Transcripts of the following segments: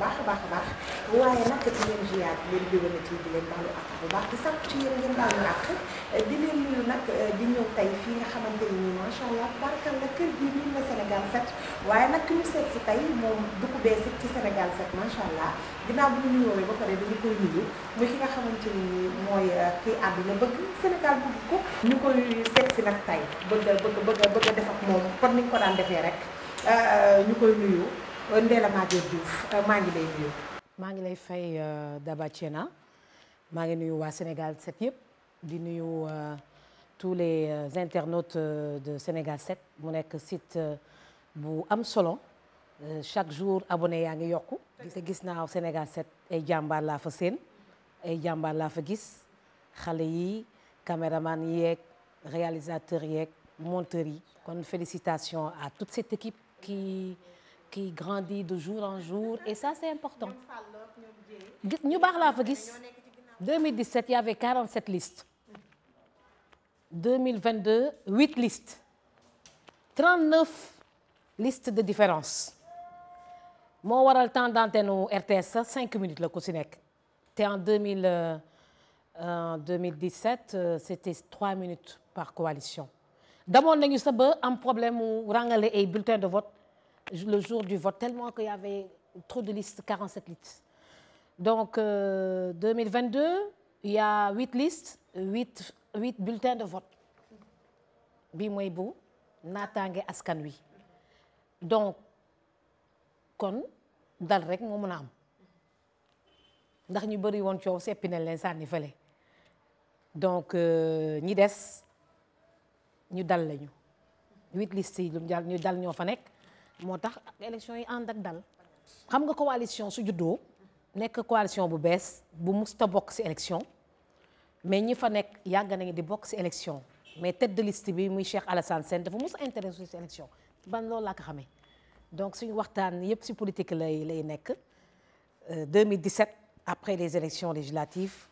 baax a baax a baax waaye nag di leen ziar di leen déwénati di leen baalu àq bu baax di sant ci yéen ngeen baalu di leen nuyu nag eh, di ñëw tey fii nga xamante ni nii macha allah barkal la kër gi miin na Sénégal 7 waaye nag ñu seet si tey moom du ko ci senegal 7 macha allah ginnaaw bu ñu nuyoowee ba pare dañu koy nuyu muy ki nga xamante ni nii mooy eh, kii àdduna bëgg Sénégal bëgg ko. ñu koy seet si nag tey bëgg a bëgg bëgg bëgg a def ak moom ni ñu ko daan defee rek eh, ñu koy nuyu. Euh, maa ngi lay nuyu. maa ngi lay fay euh, Daba maa ngi nuyu waa Sénégal set yëpp di nuyu euh, tous les internautes de Sénégal 7 mu nekk site bu am solo chaque jour abonné yaa ngi yokku te gis naaw Sénégal set ay jàmbar laa fa séen ay jàmbar laa fa gis xale yi caméraman yeeg réalisateur yeeg monteur yi kon félicitations à toute cette équipe qui qui grandit de jour en jour et ça c'est important gis ñu baax laa fa gis 2017 il y avait 47 listes 2022 8 listes 39 listes de différence moo waral temps d'antenne RTS sax 5 minutes la ku si nekk te en 2000 euh, en 2017 euh, c'était 3 minutes par coalition. damoon nañu sa ba am le jour du vote, tellement qu'il y avait trop de listes, Donc, euh, 2022, il y a 8 listes, 8, 8 bulletins de vote. Bi mooy bu naataange askan wi donc kon dal rek moo mën a am ndax ñu bëri woon coow seppi na leen sànni fële donc euh, ñi des ñu dal lañu huit listes yi lu mu jàll ñu dal ñoo fa nekk moo tax ak yi ànd ak dal xam nga coalition su juddoo nekk coalition bu bees bu musta bokk ci élection mais ñi fa nekk yàgg nañu di bokk ci élection mais tête de bi muy Cheikh Alassane Sène dafa mus a intéressé ci élection ban loolu laa ko xamee donc suñu waxtaan yépp ci politique lay lay nekk 2017 euh, après les élections législatives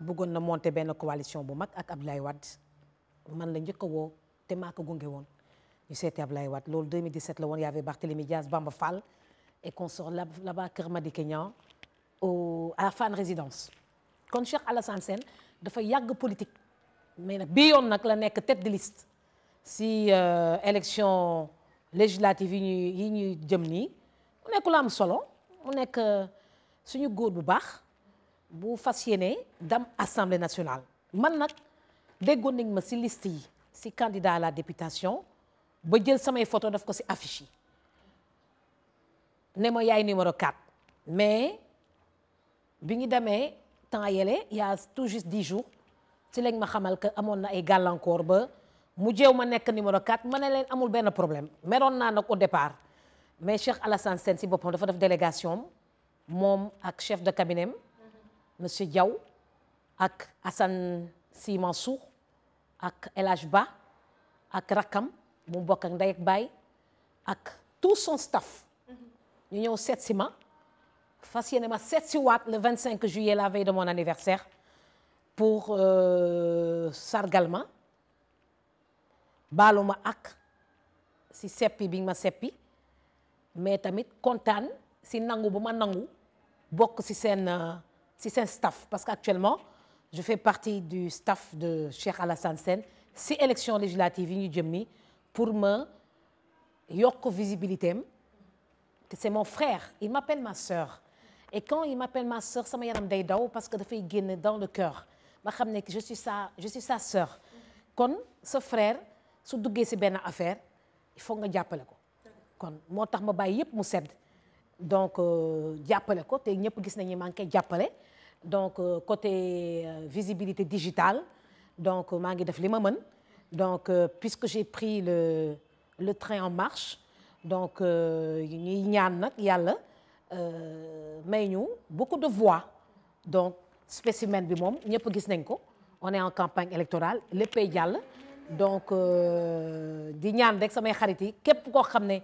buggoon na monter benn coalition bu mag ak Abdoulaye Wade man la njëkk a woo te maa ko gunge woon ñu seeti Ablaye Wade loolu 2017 la woon y avait Barthélémy Diaz Bamba Fall et consort là-bas Kër Madické Niang au à Fann Résidence kon Cheikh Alassane Sène dafa yàgg politique mais nag bii yoon nag la nekk tet de liste si euh, élection législative yi ñuy ñuy jëm ni mu nekk lu am solo mu nekk euh, suñu góor bu baax bu fas yéene dam assemblée nationale man nag déggoon nañ ma si liste yi si candidat à la députation ba jël samay photo daf ko si affiche ne ma yaay numéro 4 mais bi ñu demee temps yele y a tout juste jours ci lañ ma xamal que amoon na ay gàllankoor ba mu jeew ma nekk numéro 4 ma ne leen amul benn problème meroon naa nag au départ mais Cheikh Alassane Sène ci boppam dafa def délégation moom ak chef de cabinet monsieur jaw ak assan Sy Mansour ak El Ba ak Rakam mu bokk ak ndey ak baay ak tout son staff. ñu ñëw seet si ma fas ma seet si waat le 25 juillet la veille de mon anniversaire pour euh, sargal ma baalu ak si seppi bi ma seppi mais tamit kontaan si nangu bu ma nangu bokk si seen euh, si seen staff parce que actuellement je fais partie du staff de Cheikh Alassane Sène si élection législative yi ñu jëm pour ma yokk visibilité am te c'est mon frère il m'appelle ma sœur et quand il m'appelle ma sœur sama yaram day daw parce que dafay génn dans le cœur ma xam ne que je suis sa sœur kon sa frère su duggee si benn affaire il faut nga jàppale ko kon moo tax ma bàyyi yépp mu sedd donc euh, jàppale ko te ñëpp gis nañu maa ngi koy jàppale donc euh, côté euh, visibilité digitale donc maa ngi def li ma mën donc euh, puisque j'ai pris le le train en marche donc euh, ñuy ñaan nag yàlla euh, may ñu beaucoup de voix donc spécimen bi moom ñëpp gis nañ ko on est en campagne électorale léppay jàll donc di ñaan rek samay xarit yi képp koo xam ne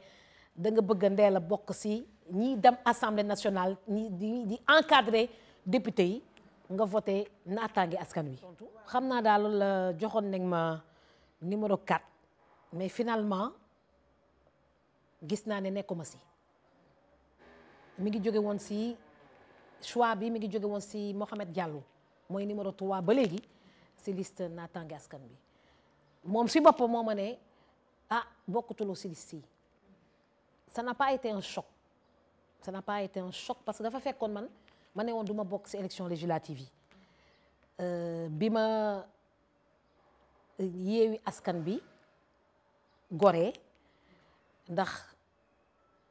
da nga bëgg a ndeel bokk si ñiy dem assemblée nationale ñi di di encadrer député yi nga voté naataange askan wi. xam naa daal la joxoon nañ ma. numéro 4 mais finalement gis naa ne nekkuma si mi ngi jóge woon si choix bi mi ngi jóge woon si Mohamed Diallo mooy numéro 3 ba léegi si liste naataange askan bi moom si boppam moo ma ne ah bokkutuloo si liste yi ça n'a pas été un choc ça n'a pas un choc parce que dafa fekkoon man ma ne woon du ma bokk si élection législative yi euh, bi ma. yeewi askan bi goree ndax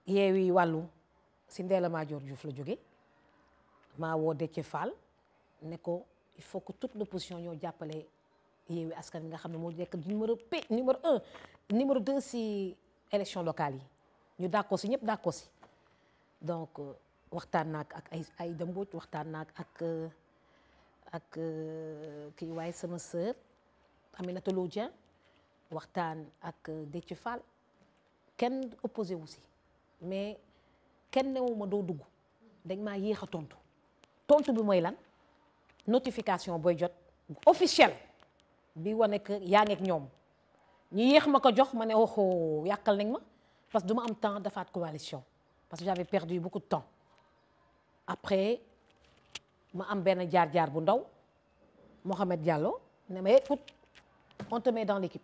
yi wàllu si Ndella Madior Diouf la jóge maa woo Déthié Fall ne ko il faut que toute l'opposition ñoo jàppale yeewi askan bi nga xam ne moo nekk numéro p numéro un numéro deux si élection locale yi ñu dàkkoo si ñëpp dàkkoo si donc euh, waxtaan naag ak ay ay dëmbooj waxtaan naag ak euh, ak euh, kii waaye sama sœur Aminata Lo Dieng waxtaan ak euh, Déthié Fall kenn opposé wu mais kenn newuma doo dugg dañ maa yéex a tontu tontu bi mooy lan notification booy jot officiel bi wane que yaa ngeeg ñoom ñu yéex ma ko jox ma ne waxoo yàqal nañ ma parce que du ma am temps dafaat coalition parce que j'avais perdu beaucoup de temps après ma am benn jaar-jaar bu ndaw Mohamed Diallo ne ma écoute eh, on te met dans l'équipe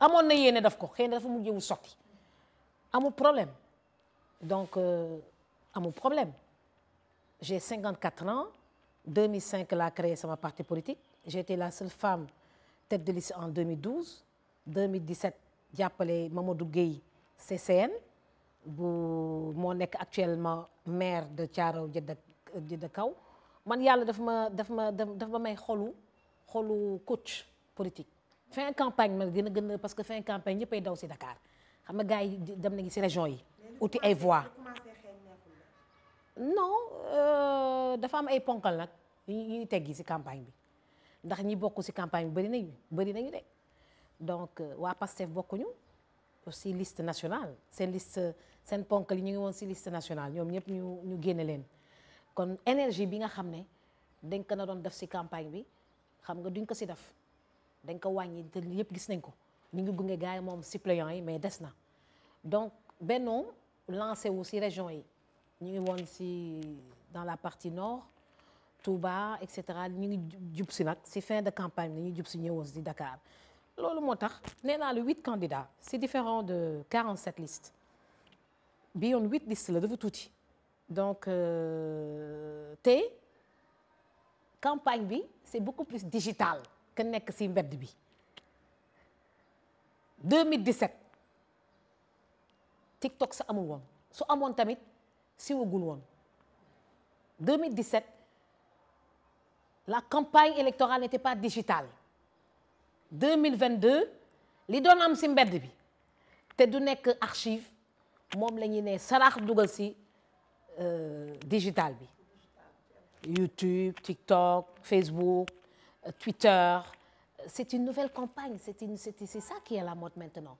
amoon na yéene daf ko xëy na dafa mujjewul sotti amu problème donc euh, amu problème j'ai 54 ans 2005 laa créé sama parti politique j'étais la seule femme tête de liste en 2012 2017 jàppale Mamadou Gueye CCN bu moo nekk actuellement maire de Thiaroye Jidda Kaw man yàlla daf ma daf daf ma may xolu xolu coach politique fin campagne man dina gën a parce que fin campagne ñëppay daw si Dakar xam nga gars yi dem na nañu si région yi uti ay voix non euh, dafa am ay ponkal nag ñuy teggi si campagne bi ndax ñi bokk si campagne bi bëri nañu bëri nañu de donc euh, waa Pastef bokkuñu si liste nationale seen liste seen ponkal yi ñu ngi woon si liste nationale ñoom ñëpp ñu ñu génne leen kon énergie bi nga xam ne dañ na doon def si campagne bi xam nga duñ ko si def dañ ko wàññi te yëpp gis nañ ko ñu ngi gunge gars yi moom suppléant yi mais des na donc Benno lancé wu si région yi ñu ngi woon si dans la partie nord Touba et cetera ñu ngi jub si nag si fin de campagne bi ñu jub si ñëwoon si Dakar loolu moo tax nee naa lu huit candidats si différent de 47 listes bi yoon huit listes la dafa tuuti donc euh, te. campagne bi c'est beaucoup plus digital que nekk si mbedd bi 2017 TikTok sa amul woon su amoon tamit siwagul woon 2017 la campagne électorale n'était pas digitale 2022 li doon am ci mbedd bi te du nekk archive moom la ñuy ne saraax dugal ci euh, digital bi YouTube, TikTok, Facebook, euh, Twitter. C'est une nouvelle campagne, c'est ça qui est à la mode maintenant.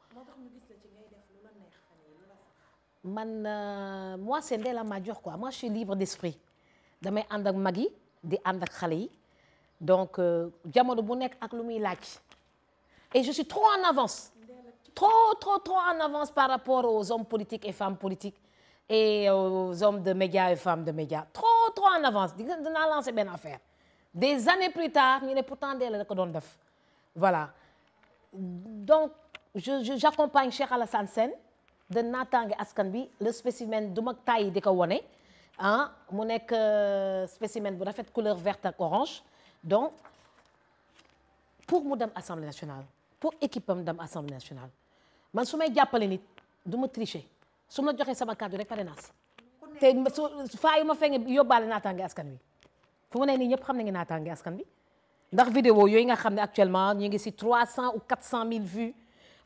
man euh, moi c'est Ndella Madior quoi moi je suis libre d'esprit damay ànd ak mag yi di ànd ak xale yi donc euh, jamono bu nekk ak lu muy laaj et je suis trop en avance trop trop trop en avance par rapport aux hommes politiques et femmes politiques et aux hommes de médias et femmes de médias trop trop en avance di dinaa lancer benn affaire des années plus tard ñu ne pourtant dee la da ko doon def voilà donc je, je j'accompagne Cheikh Alassane Sène de naataange askan bi le spécimen du mag taay di ko wone ah mu nekk euh, spécimen bu rafet couleur verte ak orange donc pour mu dem assemblée nationale pour équipe am dem assemblée nationale man su may jàppale nit du ma tricher su ma joxee sama kàddu rek pare naa si te su faa yu ma feeñee yóbbaale naataange askan wi fu mu ne nii ñëpp xam nañu naataange askan wi ndax vidéo yooyu nga xam ne actuellement ñu ngi si 300 ou 400 000 vues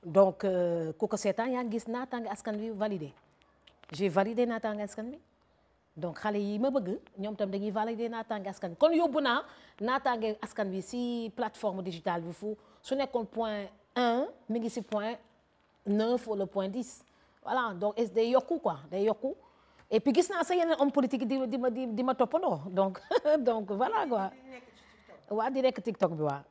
donc euh, ku ko seetaan yaa ngi gis naataange askan wi validé j'ai validé naataange askan wi donc xale yi ma bëgg ñoom tam dañuy validé naataange askan wi kon yóbbu naa naataange askan wi si plateforme digitale bi fu su nekkoon point en mi ngi si point 9 wala point 10 voilà donc day yokku quoi day yokku. et puis gis naa sa yeneen homme politique di di ma di ma toppandoo donc donc voilà quoi. waa di nekk TikTok bi waa.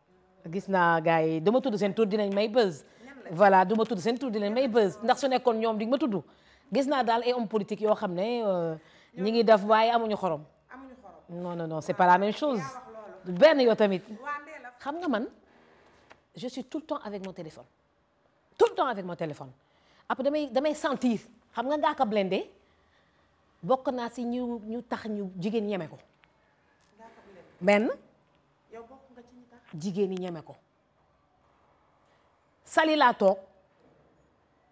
gis naa gars yi dama tudd seen tur dinañ may buzz. voilà du ma tudd seen tur dinañ may buzz ndax su nekkoon ñoom di tuddu gis naa daal ay homme politique yoo xam ne euh, ñi ngi def waaye amuñu xorom. amuñu xorom non non non c'est pas la même chose. benn yoo tamit. xam nga man je suis tout le temps avec mon téléphone. tout le temps avec mon téléphone après damay damay sentir xam nga ngaa ko bokk naa si ñu ñu tax ñu jigéen ñeme ko benn jigéen ñi ñeme ko sali la toog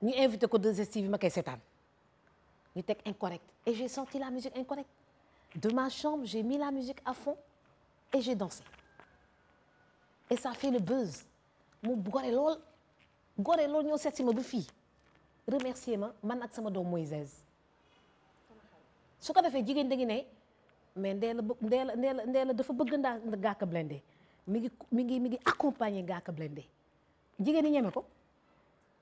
ñu invité ko 2STV ma koy seetaan ñu teg incorrect et j'ai senti la musique incorrecte de ma chambre j'ai mis la musique à fond et j'ai dansé et ça fait le mu gore lool gore lool ñoo seet ma ba fii remercier ma man ak sama doom Moïse su ko defee jigéen da ngi ne mais ndee la ndee la ndee ndee la dafa bëgg ndaa Ngaaka Blindé mi ngi mi ngi mi ngi accompagner Ngaaka Blindé jigéen ñi ñeme ko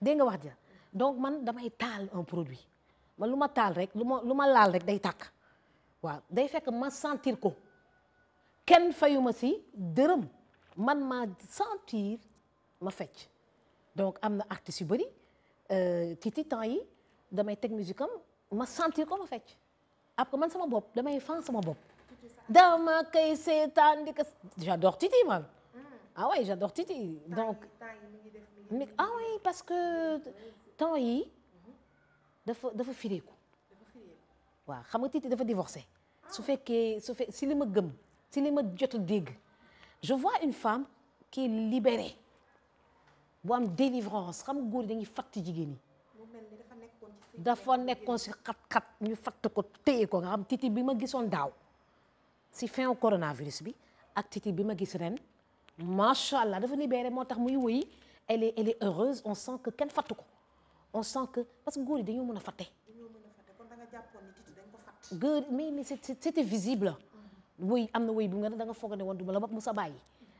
dégg nga wax ja donc man damay taal un produit man lu ma taal rek lu ma lu ma laal rek day takk waaw day fekk ma sentir ko kenn fayuma si dërëm man ma sentir ma fecc donc am na artistes yu bëri ci ci temps yi damay teg musique am ma sentir ko ma fecc après man sama bopp damay fan sama bopp. dama kay seetaan di ko j'adore Titi man. Mm. Ah, ah oui j'adore Titi donc. mais ah parce que temps yi dafa dafa fireeku. waaw xam nga Titi dafa divorcé. Ah. su fekkee su fekkee si li ma gëm si li ma jot a dégg je vois une femme qui est libérée bu am délivrance xam nga góor dañuy fàtt jigéen ñi. dafa nekkoon si xat-xat ñu fatt ko téye ko nga xam titi bi ma gisoon daaw si fin coronavirus bi ak titi bi ma gis ren macha allah dafa libéré moo tax muy wëy elle est elle est heureuse on sent que kenn fatt ko on sent que parce que góor yi dañoo mun a fatte. dañoo mën da nga jàppoon ni titi dañ ko fatt. góor mais mais c'était visible. wëy am na wëy bu nga ne da nga foog ne woon du ma la bopp Moussa Baye.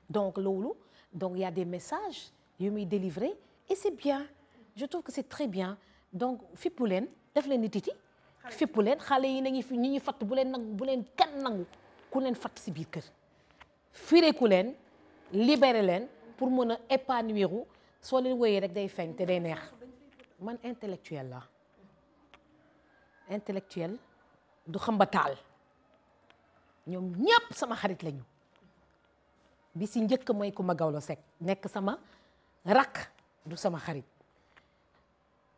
donc loolu donc y des messages yu muy délivré et c'est bien je trouve que c'est très bien. donc fippu leen def leen ni titi fippu leen xale yi nañu fi ñi ñu fatt bu leen nangu bu leen kan nangu ku leen fatt si biir kër fireeku leen libere leen pour mën a épanouir u soo leen wooyee rek day feeñ te day neex man intellectuel la intellectuel du xambataal ñoom ñëpp sama xarit lañu bi si njëkk mooy ku ma gawlo sekk nekk sama rak du sama xarit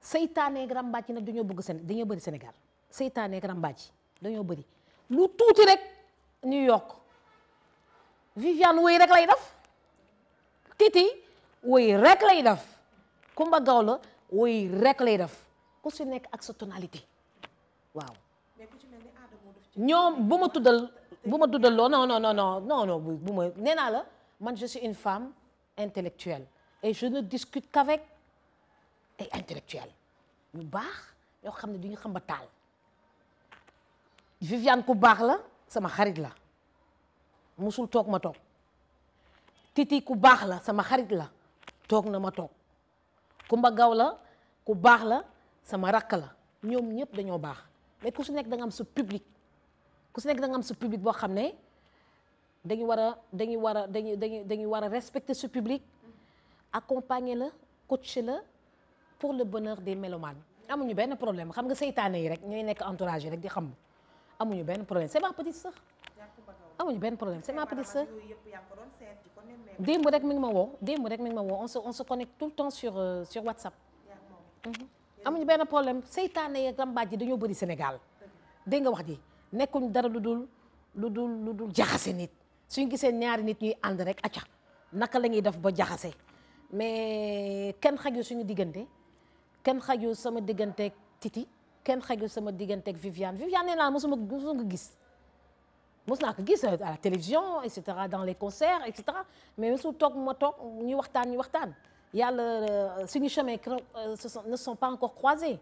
seytaaneeg ràmbaaj yi nag dañoo bëgg Séné dañoo bëri Sénégal seytaaneeg ràmbaaj dañoo bëri lu tuuti rek New York Viviane woy rek lay def Titi woy rek lay def Kumba Gawlo woy rek lay def ku si nekk ak sa tonalité waaw. ñoom bu ma tuddal bu ma tuddal loo non non non non non bu ma nee naa la man je suis une femme intellectuelle et je ne discute qu'avec ay intellectuel ñu baax yoo xam ne du ñu xam ba taal Viviane ku baax la sama xarit la musul toog ma toog Titi ku baax la sama xarit la toog na ma toog Kumba Gaw la ku baax la sama rakk la ñoom ñëpp dañoo baax mais ku su nekk da nga am public ku su nekk da nga sa public boo xam ne dañu war a dañu war a dañu dañu dañu war a respecter sa public accompagner la coacher la pour le bonheur des melomaan amuñu benn problème xam nga seytaane yi rek ñooy nekk entourage yi rek di xam amuñu benn problème c'est ma petite amuñu benn problème c'est ma petite démb rek mi ngi ma woo démb rek mi ma woo on se on se connecte tout le temps sur euh, sur WhatsApp mhm. benn problème seytaane yi ak rambaaj yi dañoo bëri Sénégal dégg nga wax ji nekkuñ dara lu dul lu dul lu dul jaxase nit suñ gisee ñaari nit ñuy ànd rek acca naka lañuy ñuy def ba jaxase mais kenn xaju suñu diggante kenn xajul sama digganteeg Titi kenn xajul sama digganteeg Viviane Viviane nee naa mosuma mosuma ko gis mos naa ko gis à la télévision et cetera dans les concerts et mais mosul toog ma toog ñu waxtaan ñu waxtaan yàlla euh, suñu chemin euh, ne sont pas encore croisés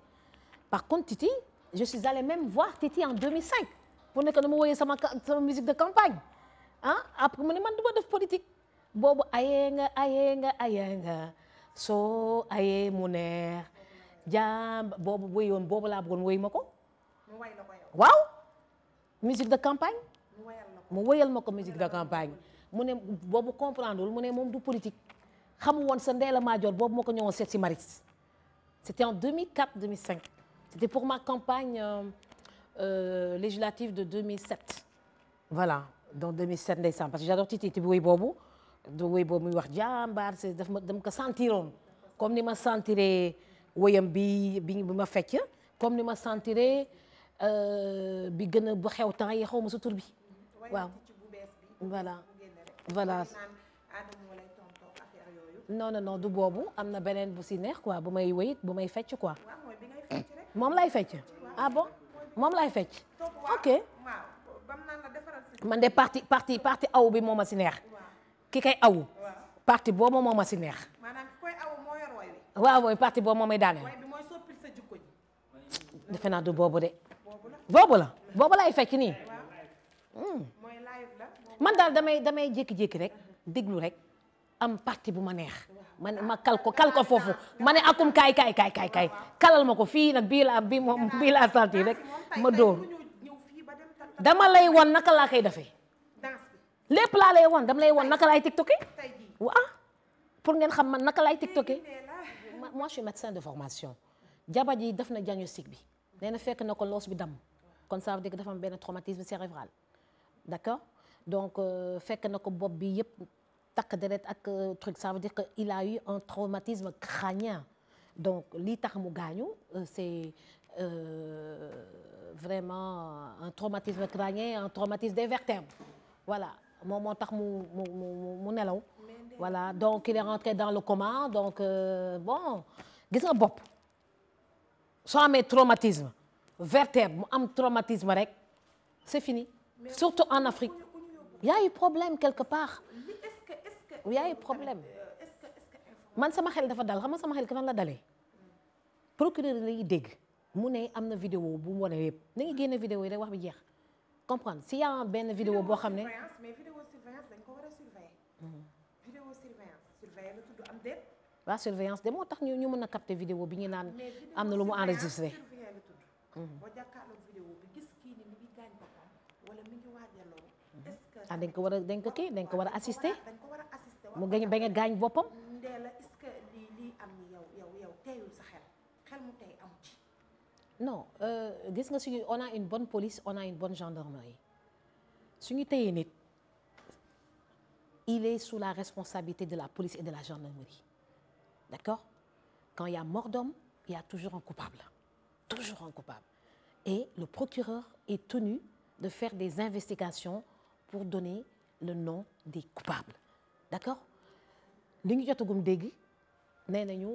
par contre Titi je suis allée même voir Titi en 2005 pour ne que dama woyee sama musique de campagne ah après mu ne man du ma def politique boobu ayee nga ayee nga ayee nga soo ayee mu neex jaa boobu wéyoon boobu laa bëggoon wéy ma ko. mu way la ko yow waaw. musique de campagne. mu wayal mu wayal ma ko musique de campagne. mu ne boobu comprendre wul mu ne moom du politique xamu woon sa Ndella Madior boobu moo ko ñëwoon seet si Maris. c' était en 2004 2005 c' était pour ma campagne euh, euh, législative de 2007. voilà donc 2007 ndeysaan parce que ti Titi bi woy boobu du woy boobu muy wax jàmbaar c' daf ma dama ko sentiroon comme ni ma sentiree. woyam bi bi ma fecc comme ni ma sentiré euh, bi gën a bu xew temps yi xaw ma sa tur bi waaw voilà voilà non non non boobu am na beneen bu si neex quoi bu may wéyit bu may fecc quoi moom lay fecc ah bon moom lay fecc ok man de parti parti parti aw bi moom a si neex ki kay awu parti boobu moom a si neex waaw mooy parti boobu moom mooy daaneel. defe naa du boobu de. boobu la boobu laay fekk nii. Hmm. man daal damay damay jékki-jékki rek déglu rek am parti bu ma neex ma ne ma foofu ma ne akum kaay kaay kay kaay kalal ma ko fii nag bii laa bii moom bii laa santi rek ma dóor dama lay won naka laa koy defee lépp laa lay won dama lay won naka laay tiktoké waa pour ngeen xam man naka laay tiktoké moi je suis médecin de formation jabar ji def na diagnostic bi nee na fekk na ko loos bi dam kon ça veut dire que dafa am benn traumatisme cérébral d'accord donc euh, fekk na ko bopp bi yëpp takk deret ak euh, truc ça veut dire que il a eu un traumatisme crânien donc li tax mu gaañu euh, c'est vraiment un traumatisme crânien un traumatisme des vertèbres voilà moom moo tax mu mu mu nelaw voilà donc il est rentré dans le coma donc euh, bon gis nga bopp soo amee traumatisme vertèbre mu am traumatisme rek c'est fini surtout en Afrique il y problème quelque part il problème euh, man sama xel dafa dal xam nga sama xel ki fan la dalee procureur lay dégg mu ne am na vidéo bu mu wane yëpp na ngi génne vidéo yi rek wax bi jeex comprendre s'il y a benn vidéo boo xam ne surveiller la tudd am déet. de moo tax ñu ñu mën a capter vidéo bi ñu naan am na lu mu enregistré. surveiller la mhm. gis kii ni wala mi ngi waajal loolu. Mhm. est ah dañ ko war a dañ ko kii dañ ko war a assister. dañ ko war a assister mu gañ bañ a gaañ boppam. Ndella que lii am yow yow yow teeyul sa xel xel mu tey amu ci. non euh, gis nga suñu on une bonne police on a une bonne gendarmerie suñu teyee nit. il est sous la responsabilité de la police et de la gendarmerie d'accord quand il y a mort d'homme il y a toujours un coupable toujours un coupable et le procureur est tenu de faire des investigations pour donner le nom des coupables d'accord li ñu jotagum dégg nee nañu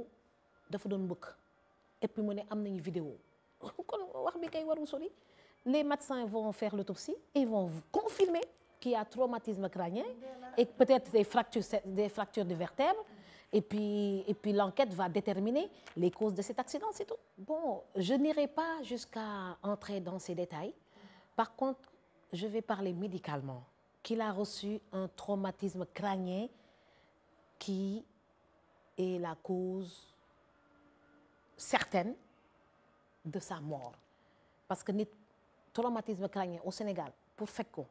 dafa doon mbëkk et puis mu ne am nañu vidéo kon wax bi kay warul sori les médecins vont faire l'autopsie et vont confirmer qui a traumatisme crânien et peut-être des fractures, des fractures de vertèbres. Et puis, et puis l'enquête va déterminer les causes de cet accident, c'est tout. Bon, je n'irai pas jusqu'à entrer dans ces détails. Par contre, je vais parler médicalement. Qu'il a reçu un traumatisme crânien qui est la cause certaine de sa mort. Parce que nit traumatisme crânien au Sénégal pour fekk ko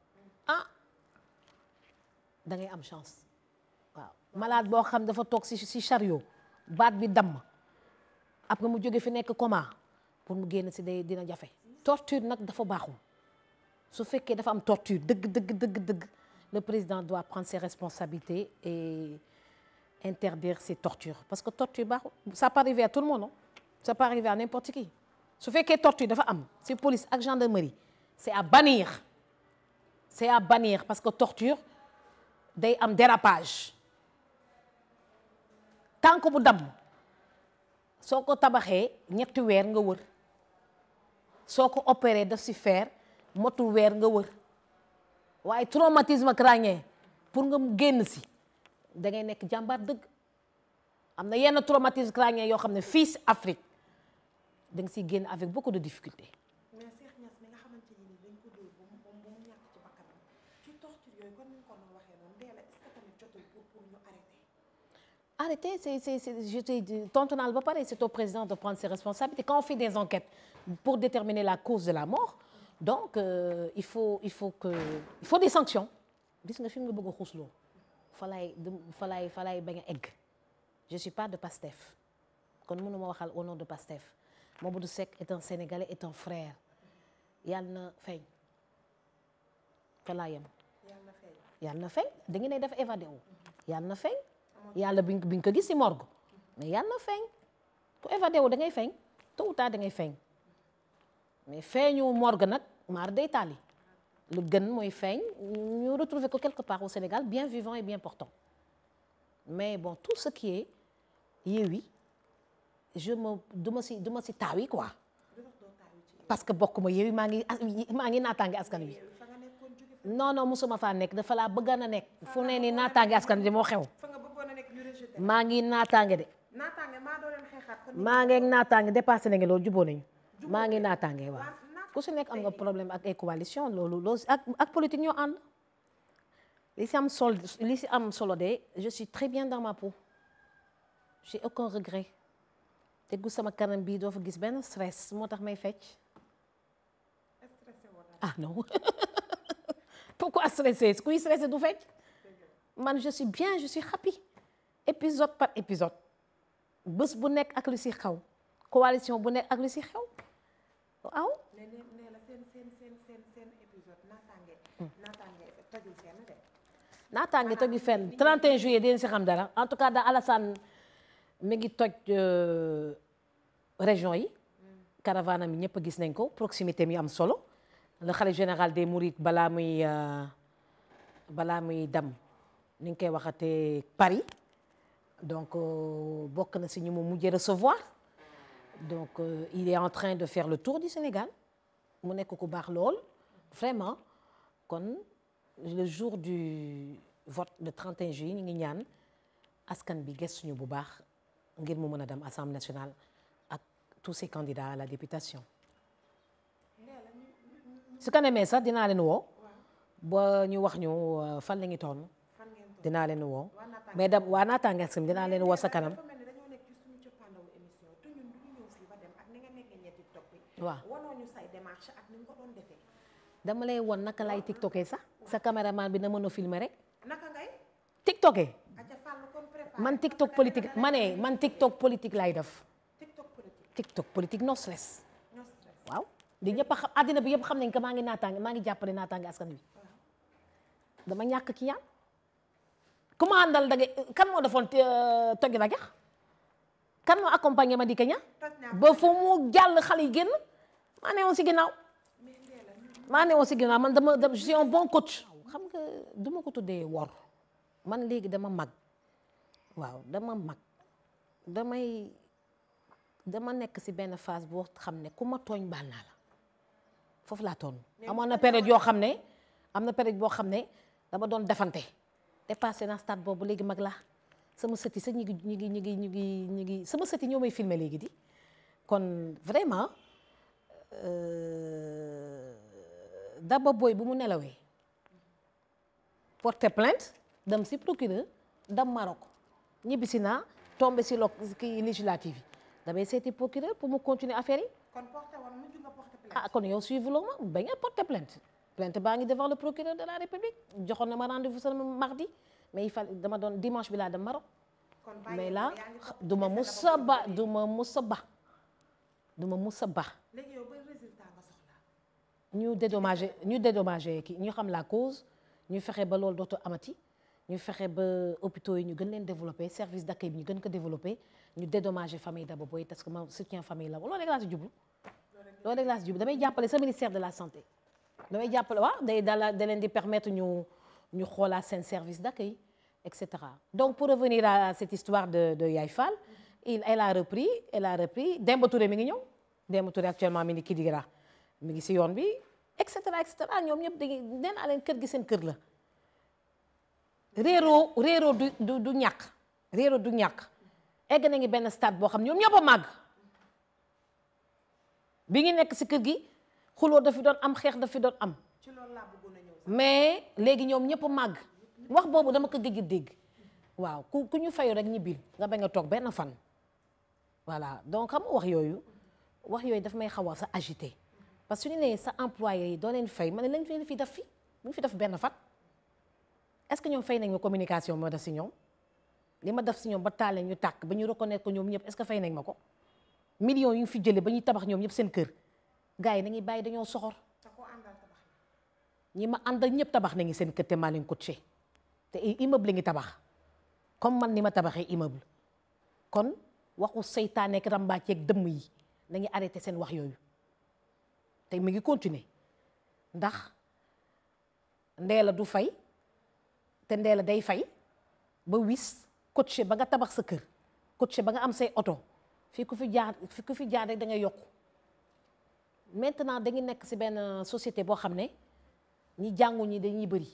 da ngay am chance waaw malade boo xam dafa toog si si baat bi damm après mu jóge fi nekk coma pour mu génn si day dina jafe. torture nag dafa baaxul su fekkee dafa am torture dëgg dëgg dëgg le président doit prendre ses responsabilités et interdire ces tortures parce que torture baaxul ça peut arriver à tout le monde non ça peut arriver à n'importe qui su fekkee torture dafa am si police ak gendarmerie c'est à bannir c'est à bannir parce que torture. day am dérapage tànk bu damm soo ko tabaxee ñetti weer nga wër soo ko opere daf si feer motul weer nga wër waaye traumatisme crânien pour nga génn si da nekk jàmbaar dëgg am na yenn traumatisme crânien yoo xam ne fii si Afrique da nga siy génn avec beaucoup de difficultés arrêtez c'est c'est je ba pare c'est au président de prendre ses responsabilités quand on fait des enquêtes pour déterminer la cause de la mort donc euh, il faut il faut que il des sanctions gis nga fi mu nga bëgg a xuusloo falaay falaay egg je pas de Pastef kon mënu ma waxal au de Pastef Mamadou Seck est un Sénégalais est un frère yàlla na feeñ fa laa yem yàlla na feeñ da ngeen ay def évadé wu yàlla na feeñ yàlla bi bi nga ko gis si morgue mais yàlla na feeñ ku évadé wu da ngay feeñ tôt ou tard da ngay feeñ mais feeñu morgue nag maar day taali lu gën mooy feeñ ñu retrouver ko quelque part au Sénégal bien vivant et bien portant mais bon tout ce qui est Yewwi je me du ma si du ma si taawi quoi parce que bokk ma Yewwi maa ngi maa ngi naataange askan wi non non mosuma faa nekk dafa laa bëgg a nekk fu ne ni naataange askan wi moo xew maa ngi naataange de. naataange maa doo leen xeexaat kon. maa ngi naataange dépassé na nga loolu jubóo nañu. maa ngi naataange waaw. ku si nekk am nga problème ak ay coalition loolu loolu ak ak politique ñoo ànd. am sol si am solo de je suis très bien dans ma peau. j'ai aucun regret. te gu sama kanam bii doo fa gis benn stress moo tax may fecc. ah non pourquoi stresser kuy stressé du fecc. man je suis bien je suis happy. épisode par épisode bés bu nekk ak lu si xaw coalition bu nekk ak lu si xew aw nee na seen seen seen hmm. fenn de naataange tojul fenn si xam dara en tout cas daal Alassane mi ngi toj euh, région yi hmm. caravane am ñëpp gis nañ ko proximité mi am solo le khalife général des Mourides balaa muy euh, balaa muy dem ni nga koy waxatee Paris donc euh, bokk na si ñu mu mujjee recevoir donc euh, il est en train de faire le tour du Sénégal mu nekk ku baax lool vraiment kon le jour du vote le 31 ñu ngi ñaan askan bi gëstuñu bu baax ngir mu mën a dem assemblée nationale ak tous ces candidats à la députation. su ko demee sax dinaa leen woo. ba ñu wax ñu euh, fan la ñu toon dinaa leen woo mais da waa naataange sim dinaa leen woo sa kanam waaw dama lay won naka lay tiktokee sax sa caméraman bi na mën a filmer rek tiktokee man tiktok politique ma ne man tiktok politique lay def tiktok politique no stress waaw di ñëpp a xam bi yëpp xam nañ que maa ngi naataange maa ngi jàppale naataange askan dama ñàkk ki yaan ku àndal da nga moo defoon euh, toggi na gex kan moo accompagné ma di Kenya ba fu mu jàll xale yi génn maa ne si ginnaaw maa ne woon si ginnaaw man dama je suis un bon coach xam nga duma ko tuddee wor man léegi dama mag waaw dama mag damay dama nekk si benn phase boo xam ne ku ma tooñ baal naa la foofu laa toon amoon na période yoo xam ne am na période boo xam ne dama doon defante dépassé naa stade boobu léegi mag laa sama sëti sax ñu ngi ñu ngi ñu ngi ñu ngi ñu ngi sama sëti ñoo may filmer léegi di kon vraiment euh, Daba booy bu mu nelawee porter plainte dem si procureur dem Maroc ñibbisi naa tombé si lo kii législative yi damay seeti procureur pour mu continuer affaire yi. kon ah, kon yow suivre loo ma bañ a porter plainte. plainte baa ngi devant le procureur de la République joxoon na ma rendez-vous sama mardi mais il dama doon dimanche bi laa dem Maroc mais là du ma mus a ba du ma mus a ba du ma mus a ba ñu dédommagé ñu dédommagé kii ñu xam la cause ñu fexe ba loolu dootu amati ñu fexe ba hôpitaux yi ñu gën leen développé service d'accueil bi ñu gën ko développé ñu dédommagé famille Daba Boye parce que ma soutien famille la loolu rek laa si jublu loolu de la santé damay jàppale waaw day dala da di permettre ñu ñu xoolaat seen service d'accueil et cetera donc pour revenir à cette histoire de de Yaay Fall il elle a repris elle a repris Demba mi ngi ñëw Demba Touré actuellement mi ngi Kidira mi ngi si yoon bi et cetera et ñoom ñëpp dañuy nee naa leen kër gi seen kër la réeroo réeroo du du du du ñàkk egg na ngi benn stade boo xam ñoom ñëpp a màgg bi ngi nekk si kër gi. xuloo dafi doon am xeex dafi doon am mais léegi ñoom ñëpp màgg wax boobu dama ko gëj a dégg waaw ku ku ñu fayu rek ñibbil nga bañ a toog benn fan voilà donc xam wax yooyu wax yooyu daf may xaw a sa agité parce que ñu nee sa employé yi doo leen fay ma ne lañ leen fi def fi mu fi def benn fan est-ce que ñoom fay nañ ma communication ma def si ñoom li ma def si ñoom ba taale ñu tàkk ba ñu reconnaître ko ñoom ñëpp est-ce que fay nañ ma ko millions yu fi jëlee ba ñuy tabax ñoom ñëpp seen kër gars yi nañuy bàyyi dañoo soxor. ñi ma àndal ñëpp tabax nañu seen kër te maa te coaché te immeuble ngi tabax comme man ni ma tabaxee la kon waxu seytaane ak ràmbaaceeg dëmm yi nañu arrêté seen wax yooyu te mu ngi continuer ndax ndeela du fay te ndeela day fay ba wis coaché ba nga tabax sa kër coaché ba nga am say oto fii ku fi jaar fii ku fi jaar rek da ngay yokku. maintenant dañu nekk si benn société boo xam ne ñi jàngu ñi dañuy bëri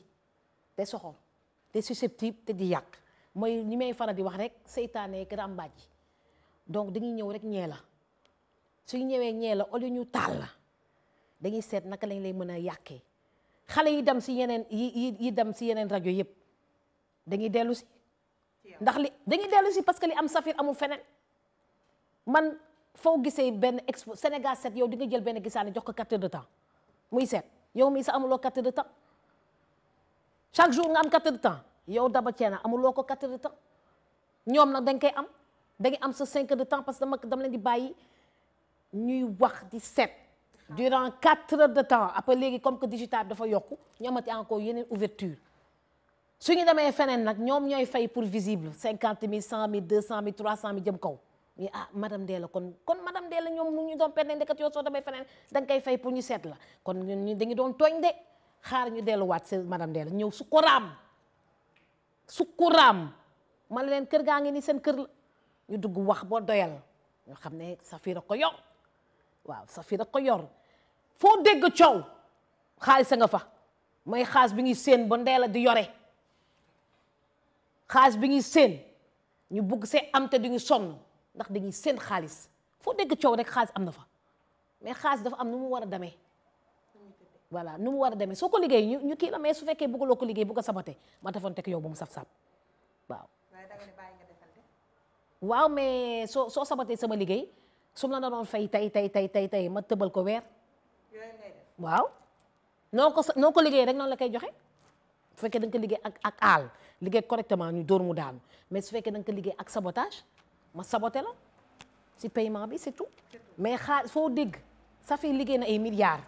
te soxor te susceptible te di yàq mooy ni may faral di wax rek seytaane ràmbaaj donc dañuy ñëw rek ñee la su ñëwee ñee la au ñu taal la dañuy seet naka lañ lay mën a yàqee xale yi dem si yeneen yi yi dem si yeneen rajo yëpp dañuy dellu ci ndax li dañuy dellu ci que li am safir amul feneen man foo gisee benn expo Sénégal set yow di nga jël benn gisaane jox ko quatre de temps muy set yow mii sa amuloo quatre de temps chaque jour nga am quatre heures de temps yow Daba Thiena amuloo ko quatre heures de temps ñoom nag dañ koy am dañuy am sa cinq de temps parce que dama dama leen di bàyyi ñuy wax di set durant quatre heures de temps après léegi comme que digital dafa yokku ñu amati encore yeneen ouverture su ñu demee feneen nag ñoom ñooy fay pour visible cinquante mille cent mille deux cent mille trois cent jëm kaw mais ah madame Della kon kon madame Della ñoom mu ñu doon perte ndekat yoo soo demee feneen danga koy fay pour ñu seet la kon ñun ñu dañu doon tooñ de xaar ñu delluwaat seen madame Della ñëw sukkuraam sukkuraam ma leen kër gaa ngi ni seen kër ñu dugg wax boo doyal ñu xam ne Safira ko yor waaw Safira ko yor foo dégg coow xaalis a nga fa mooy xaalis bi ngi seen ba Ndella di yore xaalis bi ngi seen ñu bugg see am te duñu sonn ndax dañuy seen xaalis foo dégg coow rek xaalis am na fa mais xaalis dafa am nu mu war a demee voilà nu mu war a demee soo ko liggéey ñu ñu kii la mais su fekkee bëggaloo ko liggéey bëgg a saboté ma defoon teg yow ba mu saf-saf waaw waaw mais soo soo sabatee sama liggéey su ma la doon fay tey tey tey tey tey ma tëbal ko weer waaw noo ko noo ko liggéey rek noonu la koy joxe su fekkee da ko liggéey ak ak aal liggéey correctement ñu dóor mu daanu mais su fekkee da ko liggéey ak sabotage ma saboté la si paiement bi c'est tout mais xaar foo dégg Safir liggéey na ay milliards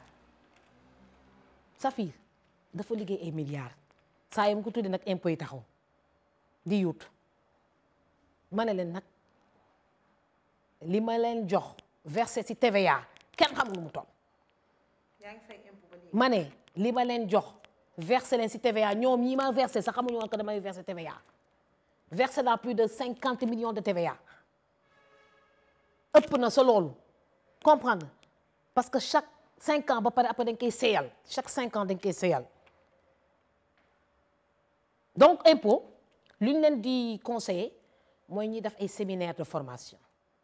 Safir dafa liggéey ay milliards saa yam ko tuddi nag impôt yi taxaw di yuut ma ne leen nag li ma leen jox versé si TVA kenn xamul mu toll ma ne li ma leen jox versé leen ci TVA ñoom ñi ma verse sax xamuñu woon ko damay versé TVA versé la plus de cinquante millions de TVA ëpp na soloolu loolu parce que chaque cinq ans ba pare après dañ koy seyal chaque cinq ans dañ koy seyal donc impôt lu ñu leen di conseiller mooy ñuy def ay séminaire de formation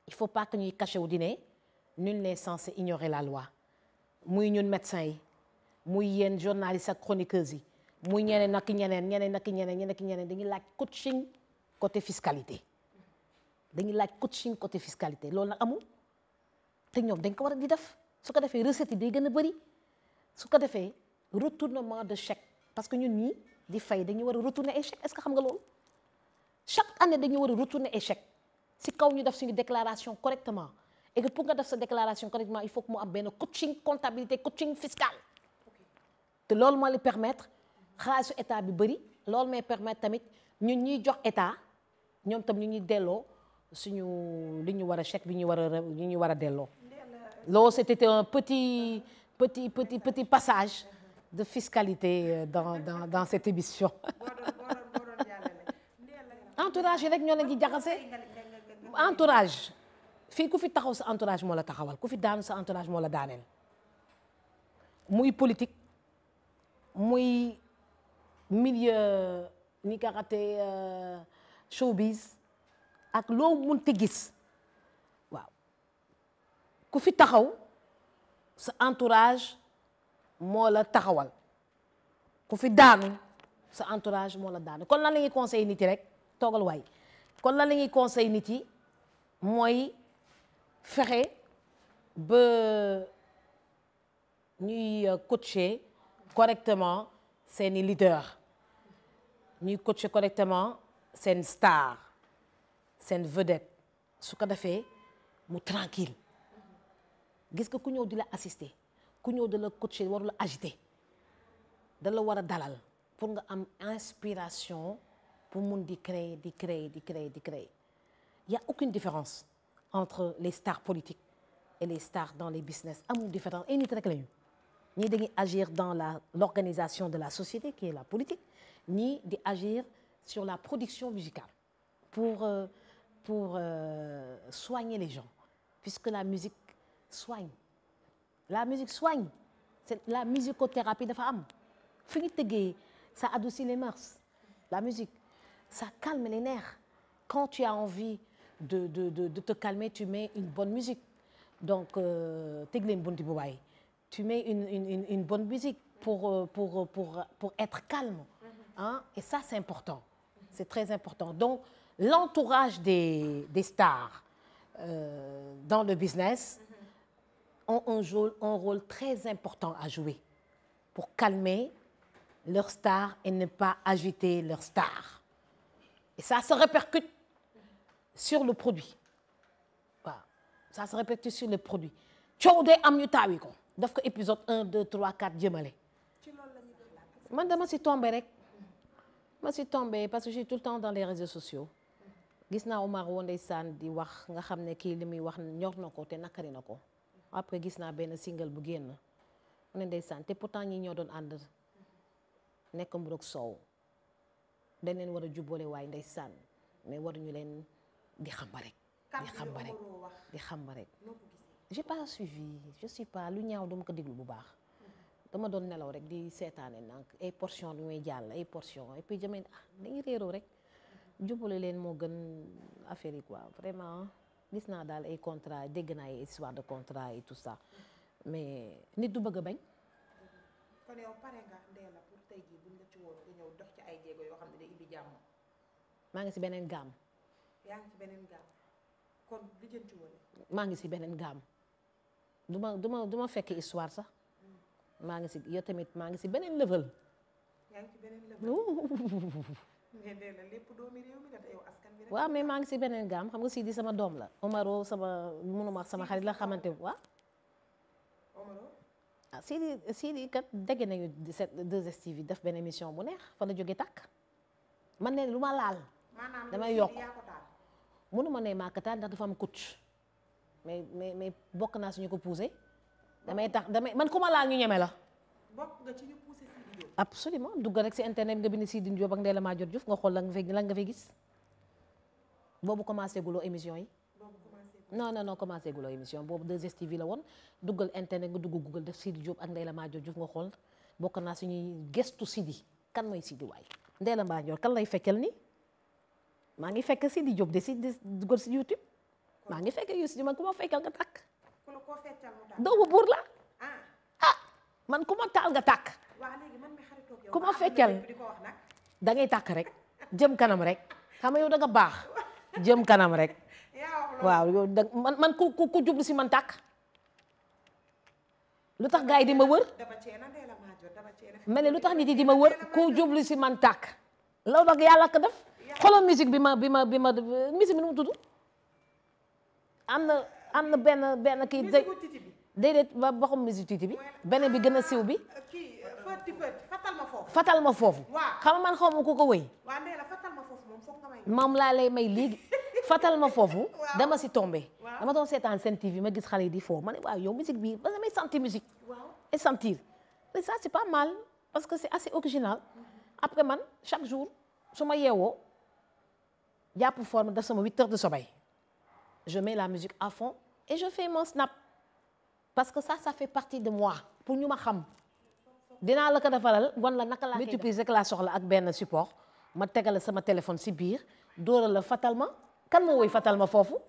il faut pas que ñuy caché wu di ñu nul n'est censé ignorer la loi muy ñun médecins yi muy yéen journalistes ak chroniqueuses yi muy ñeneen nag ñeneen ñeneen ak ñeneen ñeneen ak ñeneen dañuy laaj coaching côté fiscalité dañuy laaj coaching côté fiscalité loolu nag amul te ñoom dañ ko war a di def su ko defee recettes yi day gën a bëri su ko defee retournement de chèque parce que ñun ñii di fay dañu war a retourner ay est-ce que xam nga loolu chaque année dañuy war a retourner ay si kaw ñu def suñu déclaration correctement et pour nga def sa déclaration correctement il faut que mu am benn coaching comptabilité coaching fiscal te loolu moo li permettre xaalisu état bi bëri loolu may permettre tamit ñun ñuy jox état ñoom tam ñu ñuy delloo suñu li ñu war a chèque bi ñu war a li ñu war a delloo. loolu c'était un petit petit petit petit passage de fiscalité euh, dans dans dans cette émission. entourage yi rek ñoo leen di jaxase entourage fii ku fi taxaw sa entourage moo la taxawal ku fi daanu sa entourage moo la daaneel muy politique muy milieu ni karaté euh, showbiz. ak loo munti gis waaw ku fi taxaw sa entourage moo la taxawal ku fi daanu sa entourage moo la daanu kon lan la ñuy conseil nit yi rek toogal waay kon lan la ñuy conseil nit yi mooy fexe ba ñuy euh, coacher correctement seeni leader ñuy coacher correctement seen star seen vedette su ko defee mu tranquille gis nga ku ñëw di la assister ku ñëw di la coacher waru la agiter da la war a dalal pour nga am inspiration pour mun di créer di créer di créer di créer y a aucune différence entre les stars politiques et les stars dans les business amul différence ay nit rek la ñu ñii dañuy agir dans la l'organisation de la société qui est la politique ñii di agir sur la production musicale euh, pour euh, soigner les gens, puisque la musique soigne. La musique soigne. C'est la musicothérapie dafa am fi ñu tëggee ça adoucit les mœurs. La musique, ça calme les nerfs. Quand tu as envie de de de, de te calmer, tu mets une bonne musique. Donc euh, teg leen bunti bu waay. Tu mets une une une bonne musique pour euh, pour euh, pour pour être calme. Mm-hmm. Hein? Et ça c'est important. C'est très important. Donc l'entourage des, des, stars euh, dans le business ont un, jeu, un, rôle très important à jouer pour calmer leur star et ne pas agiter leur star. Et ça se répercute sur le produit. Voilà. Ça se répercute sur le produit. coow day am ñu taawi ko daf ko épisode 1 2 3 4 jëmale man dama si tombé rek ma si tombé parce que je suis tout le temps dans les réseaux sociaux gis naa Omar woo ndeysaan di wax nga xam ne kii li muy wax ñor na ko te nakari na ko après gis naa benn single bu génn mu ne ndeysaan te pourtant ñi ñoo doon ànd nekk mburug soow dañ leen war a jubboole waaye ndeysaan mais waruñu leen di xamba rek di xamba rek di rek j'ai pas suivi je lu ñaaw dama ko diglu bu baax mm-hmm. dama doon nelaw rek di seetaane nag ay portion lu muy jàll ay portion et puis jamee ah dañuy réeroo rek jubale leen moo gën affaire yi quoi vraiment gis naa daal ay contrat dégg naa ay histoire de contrat et tout sax mais nit du bëgg a bañ. kon yow pare nga dee la pour tey jii buñ la ci woon dox ci ay jéego yoo xam ne day indi jàmm. maa ngi si beneen gaam. yaa ngi si beneen gaam li jëm ci maa ngi si beneen gaam du duma du ma fekk histoire sax hmm. maa ngi si yow tamit maa ngi si beneen level. yaa waaw mais maa ngi si beneen gaam xam nga si di sama doom la Omaro sama munuma sama xarit la xamante waa ah si di si di kat dégg nañu set 2 def benn mission bu neex fa la jóge tàkk man ne lu ma laal damay yokk munuma ne maa ko taal ndax dafa am coach mais mais mais bokk naa suñu ko poussé damay tax damay man ku ma laal ñu ñeme la absolument dugg rek si internet nga bind Sidy Diop ak Ndella Madior Diouf nga xool lan nga fay gis boobu commencé guloo émission yi. non non non commencé guloo émission boobu 2STV la woon duggal internet nga dugg Google def Sidy Diop ak Ndella Madior Diouf nga xool bokk naa ñuy gestu Sidy kan mooy Sidy waay Ndella Madior kan lay fekkeel ni maa ngi fekk Sidy Diop de si duggal si YouTube maa ngi fekk Youssou man ku ma fekkal nga tàkk. doomu buur la. Ah. ah man ku ma taal nga ku ma feccal da ngay tàkk rek jëm kanam rek xam nga yow danga baax jëm kanam rek waaw yow da man man ku ku jublu si man tàkk lu tax gars yi di ma wër ma ne lu tax nit yi di ma wër ku jublu si man tàkk loolu nag yàlla ko def xoolal musique bi ma bi ma bi ma musique bi nu mu tudd am na benn benn kii déedéet ba boxum musique titi bi beneen bi gën a siiw bi fatal ma foofu xam nga man xaw ma ku ko wëy moom laa lay may léegi fatal ma foofu dama si tombé dama doon seetaan seen TV ma gis xale yi di foo ma ne waaw yow musique bi parce que damay sentir musique et sentir et ça c'est pas mal parce que c'est assez original mm-hmm. après man chaque jour su ma yeewoo jàpp forme def sama huit heures de sommeil je mets la musique à fond et je fais mon snap parce que ça ça fait partie de moi pour ñu ma xam dinaa la ko defaral wan la naka laa koy multiplier rek laa soxla ak benn support ma tegale sama téléphone si biir dóora la fatal ma kan moo woy fatal ma foofu.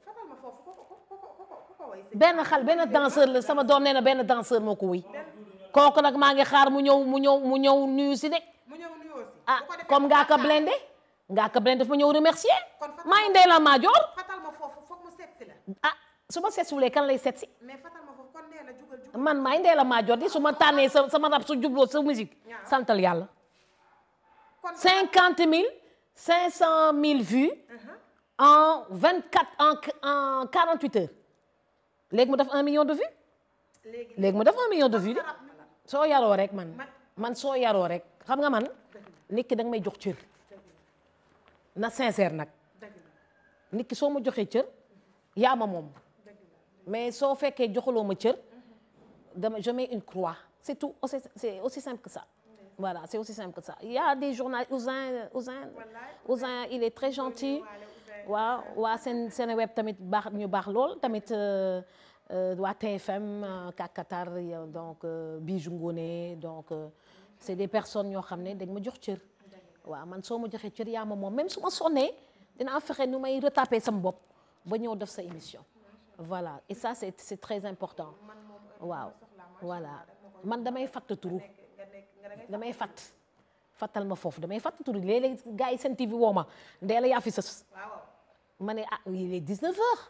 benn xal benn danseur la sama doom nee na benn danseur moo ko woy kooku nag maa ngi xaar mu ñëw mu ñëw mu ñëw nuyu si de. ah comme ngaa ko blende ngaa ko blende dafa ma ñëw remercier maa ngi ndey la maa joor ah su ma seet kan lay seet man maa maay Ndella Madior su ma tànnee sa sama rab su jubloo sa musique santal yàlla cinquante mille cinq cent mille vues uh-huh. en vingt quatre en en quarante huit heures léegi mu def un million de vues léegi mu def un million de vues soo yaroo rek man man soo yaroo rek xam nga man nit ki da may jox cër na sincère nag nit ki soo ma joxee cër yaa ma moom mais soo fekkee joxuloo ma cër dama je mets une croix c'est tout aussi c'est aussi simple que ça. voilà c'est aussi simple que ça il y a des journalistes Ousin Ousin Ousin il est très gentil. waaw waa seen seen web tamit baax ñu baax lool tamit euh, euh, waa TFM euh, Kakatar donc Bijou Ngoné donc c'est des personnes ñoo xam ne dañ ma jox cër. waaw man soo ma joxee cër ya ma moom même su ma sonnee dinaa fexe nu may retaper sama bopp ba ñëw def sa émission. voilà et ça c'est très important. waaw voilà man damay fatt turu damay fatt fattal ma foofu damay fatt turu léeg-léeg gars yi seen TV woo ma ndee la yaa fi sës ma ne ah il est 19 heures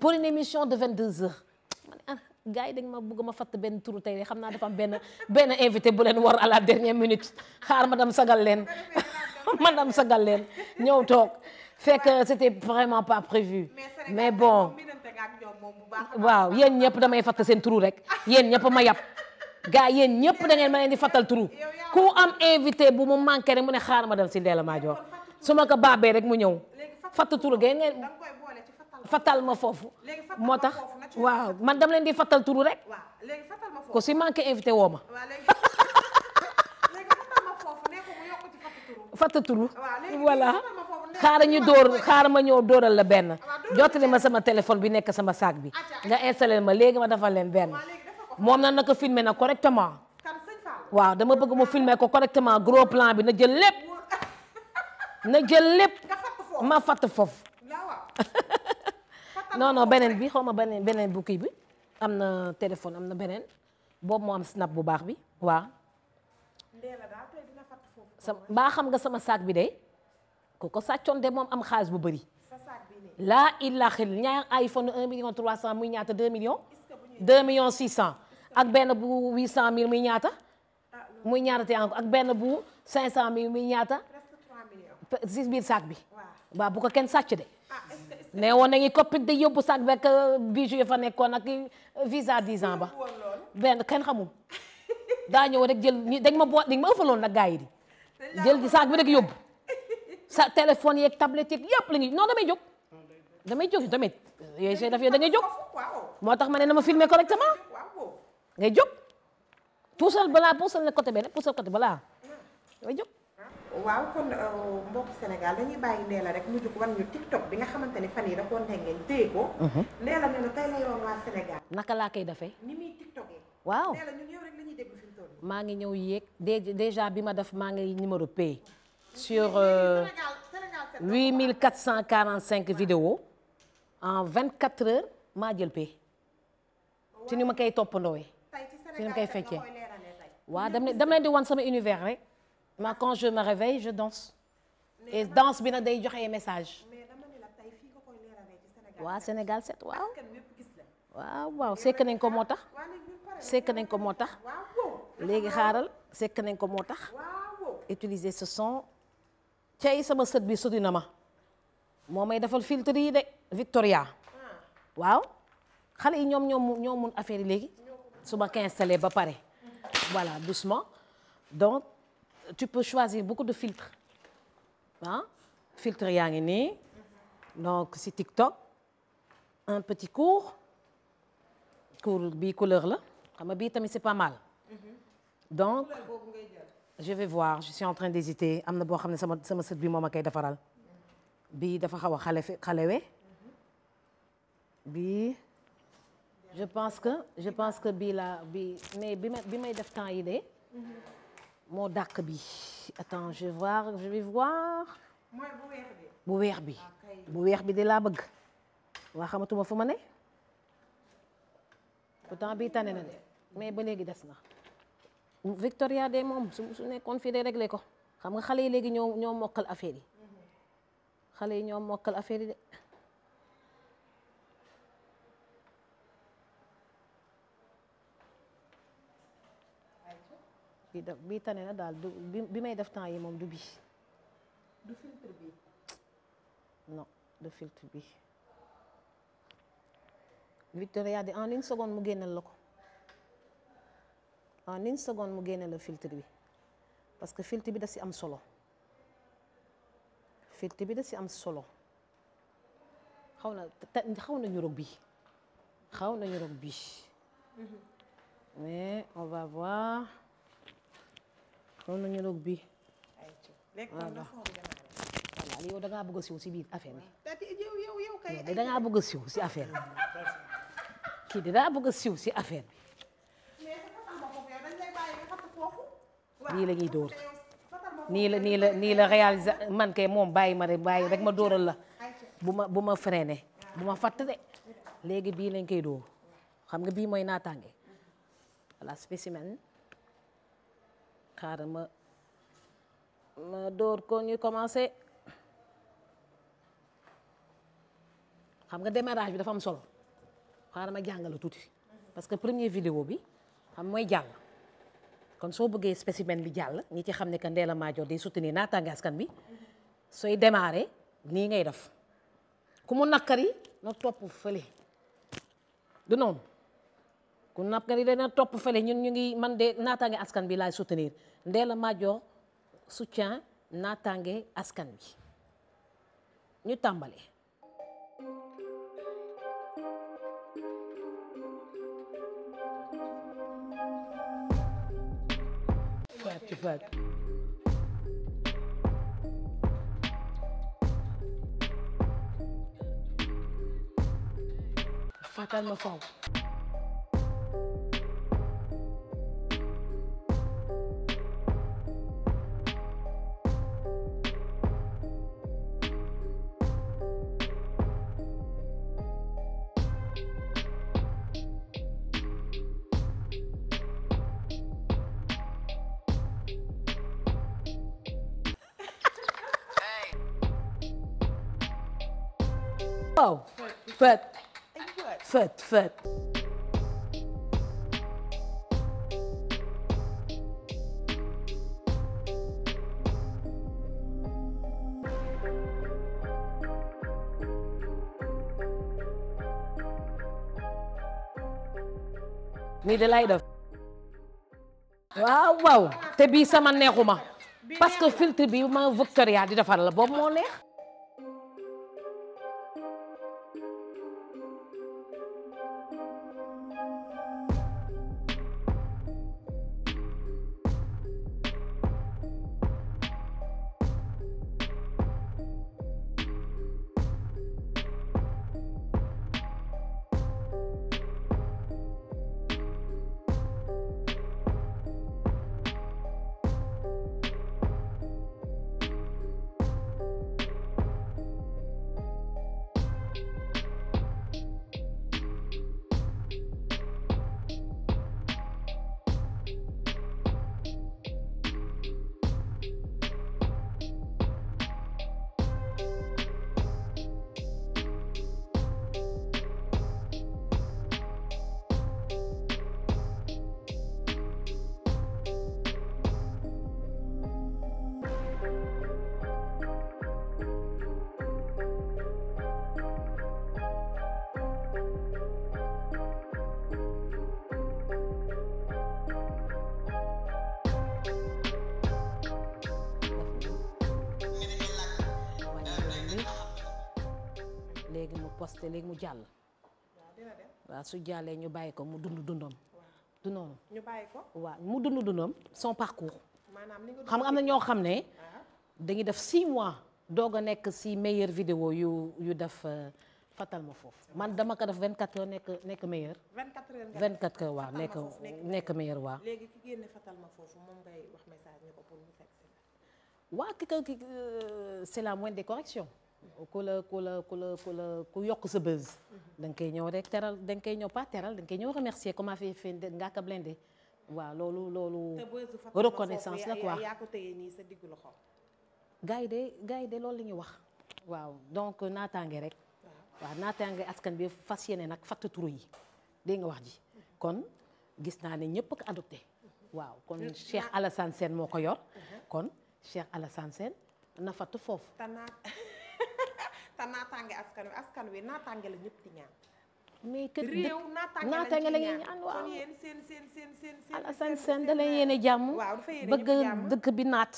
pour une émission de 22 heures ma ne ah gars yi dañ ma bëgg ma fatt benn turu tey de xam naa dafa am benn benn invité bu leen war à la dernière minute xaar ma dam sagal leen ma dam sagal ñëw toog fekk c'était vraiment pas prévu mais bon waaw yéen ñëpp damay fatt seen trou rek yéen ñëpp ma yab gaa yéen ñëpp da ma leen di fattal trou ku am invité bu mu manqué rek mu ne xaar ma dem si Ndella Madior su suma ko baabee rek mu ñëw fatt trou gay ngeen fattal ma foofu moo tax waaw man dama leen di fattal trou rek ku si manqué invité woo ma fatt trou xaara ñu dóor xaara ma ñëw dóoral la benn jottali ma sama téléphone bi nekk sama sac bi nga installé ma léegi ma defal leen benn moom na na ko filmé na correctement waaw dama bëgg mu filmé ko correctement gros plan bi na jël lépp na jël lépp ma fatt foofu non beneen bi xaw ma beneen beneen bu bi am na téléphone am na beneen boobu moo am snap bu baax bi waaw. baa xam nga sama sac bi de. ku ko sàccoon moom am xaalis bu bëri. la laa illaa xel ay iPhone 1 million 300 muy ñaata 2 millions. million millions 600. ak benn bu 800000 muy ñaata. Ah, muy ñaata te ak benn bu 500000 muy ñaata. si biir saak bi. waaw bu ko kenn sàcc de. Ah, ne woon nañu coppite de yóbbu saak beeg euh, bijou yi fa nekkoon ak euh, visa 10 ans ba. benn kenn xamul. daa ñëw rek jël dañ ma boot dañ ma ëffaloon nag gars yi di. jël di saak bi rek yóbbu. sa téléphone yeeg tablette yeeg la ñuy non damay jóg. damay jóg tamit yooyu sooy jóg moo tax ma ne na ma filmer correctement ngay jóg puusal balaa puusal na côté bi rek puusal côté balaa ngay jóg. waaw kon euh, mbokk Sénégal rek mu bi nga xamante ni fan mhm. naka laa koy defee. ni muy TikTok yi. waaw Ndella ñun yow maa ngi ñëw yéeg déjà bi ma def maa ngi numéro P. sur euh, 8445 vidéos en 24 heures maa jël pay ci ni ma koy toppandowee ci ni ma koy fekkee waaw dam dam leen di wan sama univers rek ma quand je réveille je danse et danse bi nag day joxe message waaw Sénégal set waaw waaw waaw sekk nañ ko moo tax sekk nañ ko moo tax léegi xaaral sekk nañ ko moo tax utiliser ce son cey sama sët bi suti na ma moo may defal filtre yi de Victoria waaw xale yi ñoom ñoom ñoo mun affaire léegi su ma ko installé ba pare voilà doucement donc tu peux choisir beaucoup de filtres ah filtre yaa ngi ni donc si TikTok un petit cours cours bii couleur la xam nga bii tamit c'est pas mal mm-hmm. donc je vais voir je suis en train am na boo xam ne sama sama sët bi moom a koy defaral bii dafa xaw a xale xalewe bii je pense que je pense que bii la bii mais bi bi may def temps yi de moo dàq bi attends je vais voir je voir weex bi ah, bu weex bi de laa bëgg waa xamatuma fu ma ne pourtant bii tane na mais ba léegi des na Victoria de moom su su nekkoon fii de réglé ko xam nga xale yi léegi ñoo ñoo mokkal affaire yi xale yi ñoo mokkal affaire yi de. bi da bii tane na daal bi may def temps yi moom du bi du filtre bi non du filtre bi Victoria de en une seconde mu génneel la ko. en une seconde mu génne la filtre bi parce que filtre bi da si am solo filtre bi da si am solo xaw na xaw na ñu bi xaw na ñu rog bi mm-hmm. mais on na ñu bi voilà yow da ngaa bëgg a siw si biir affaire bi yow da ngaa bëgg siw si affaire bi kii bëgg siw si affaire bi lii lañuy ñuy dóor nii la nii la man kay moom bàyyi ma rek bàyyi rek ma dóoral la bu ma bu ma freiné bu ma fatt de léegi bii lañ koy dóor xam nga bii mooy naataange voilà spécimen xaaral ma ma dóor ko ñu commencé xam nga démarrage bi dafa am solo xaaral ma jàngale tuuti parce que première vidéo bi xam mooy jàng kon soo bëggee spécimen bi jàll ñi ci xam ne que Ndella Madior day soutenir naataange askan bi sooy démarrer nii ngay def ku mu nakkari na topp fële du noonu ku nakkari dana topp fële ñun ñu ngi man de naataange askan bi laay soutenir Ndella Madior soutien naataange askan bi ñu tàmbali vote. Fatal ma faw waaw de lay def waaw waaw te bii sama neexuma parce que filtre bi ma Victoria di defar la moo neex publicité léegi mu jàll. waaw su jàllee ñu bàyyi ko mu dund dundam. du ñu bàyyi waaw mu dund dundam son parcours. maanaam li nga xam nga am na ñoo xam ne. dañuy def 6 mois doog a nekk si meilleure vidéo yu yu def. Euh, fatal ma foofu man dama ko def 24 heures nekk nekk meilleur. 24 heures 24 heures nekk nekk meilleur léegi ki génne fatal foofu moom ngay wax message ni ko pour mu waa ki ko ki euh, c'est la moindre de corrections. ku la ku la ku la ku la ku yokk sa buzz da nga koy ñëw rek teral da nga koy ñëw pas teral da nga koy ñëw remercier comment fi fi Ngaaka Blindé waaw loolu loolu reconnaissance la quoi yaa ko téye nii sa diggu loxo gars yi de gars yi de lool la ñuy wax waaw donc naataange rek waaw naataange askan bi fas yéene nag fatt turu yi dégg nga wax ji kon gis naa ne ñëpp ak adopté waaw kon Cheikh Alassane Sène moo ko yor kon Cheikh Alassane Sène na fatt foofu te naataange askan wi askan wi naataange la ñëpp di ñaan. mais kër réew naataange la ñuy ñaan waaw kon yéen seen seen seen seen seen Alassane Sène da leen yéene jàmm bëgg dëkk bi naat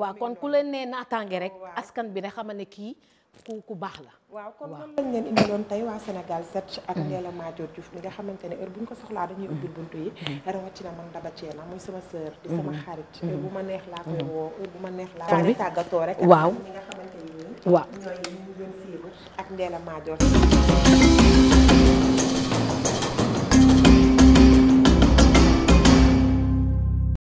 waa kon ku leen ne naataange rek askan bi ne xama ne kii ku ku baax la waaw kon man lañ leen indiloon tey waa Sénégal 7 ak Ndella Madior Diouf mi nga xamante ne heure bu ñu ko soxlaa dañuy ubbil buntu yi mm-hmm. Mm-hmm. rawatina man Daba Thiéna muy sama sœur di sama mm-hmm. xarit heure bu ma neex laa koy woo heure bu ma neex laa koy tàggatoo rek waaw waaw. ñooñu ñu ngi leen siiwal ak Ndella Madior